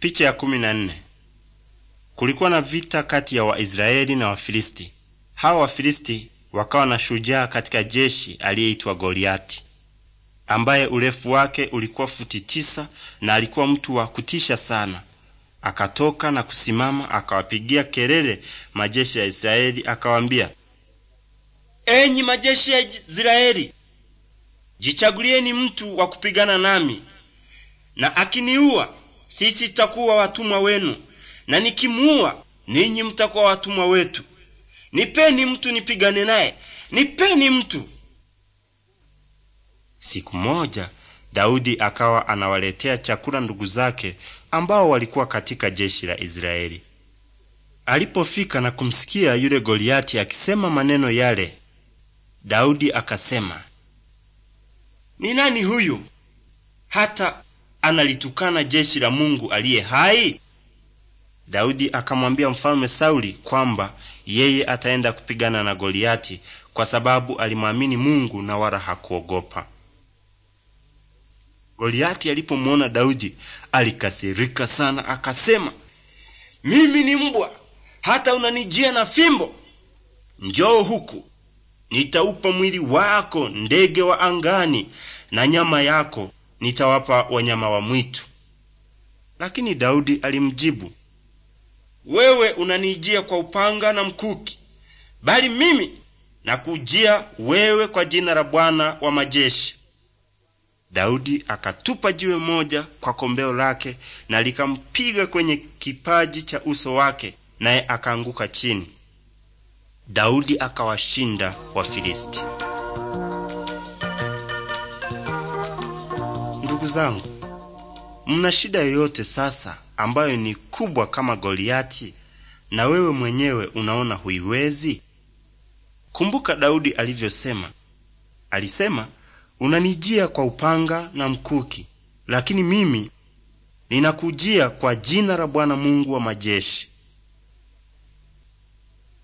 Picha ya kumi na nne. Kulikuwa na vita kati ya Waisraeli na Wafilisti. Hawa Wafilisti wakawa na shujaa katika jeshi aliyeitwa Goliati ambaye urefu wake ulikuwa futi tisa na alikuwa mtu wa kutisha sana. Akatoka na kusimama akawapigia kelele majeshi ya Israeli, akawaambia, enyi majeshi ya Israeli, jichagulieni mtu wa kupigana nami, na akiniua sisi tutakuwa watumwa wenu, na nikimuua ninyi mtakuwa watumwa wetu. Nipeni mtu nipigane naye, nipeni mtu. Siku moja Daudi akawa anawaletea chakula ndugu zake ambao walikuwa katika jeshi la Israeli. Alipofika na kumsikia yule Goliati akisema maneno yale, Daudi akasema, ni nani huyu hata analitukana jeshi la Mungu aliye hai? Daudi akamwambia mfalme Sauli kwamba yeye ataenda kupigana na Goliati kwa sababu alimwamini Mungu na wala hakuogopa. Goliati alipomwona Daudi alikasirika sana, akasema, mimi ni mbwa, hata unanijia na fimbo? Njoo huku, nitaupa mwili wako ndege wa angani na nyama yako nitawapa wanyama wa mwitu. Lakini Daudi alimjibu, wewe unanijia kwa upanga na mkuki, bali mimi nakujia wewe kwa jina la Bwana wa majeshi. Daudi akatupa jiwe moja kwa kombeo lake na likampiga kwenye kipaji cha uso wake, naye akaanguka chini. Daudi akawashinda Wafilisti. ndugu zangu, mna shida yoyote sasa ambayo ni kubwa kama Goliati na wewe mwenyewe unaona huiwezi? Kumbuka Daudi alivyosema. Alisema, unanijia kwa upanga na mkuki, lakini mimi ninakujia kwa jina la Bwana Mungu wa majeshi.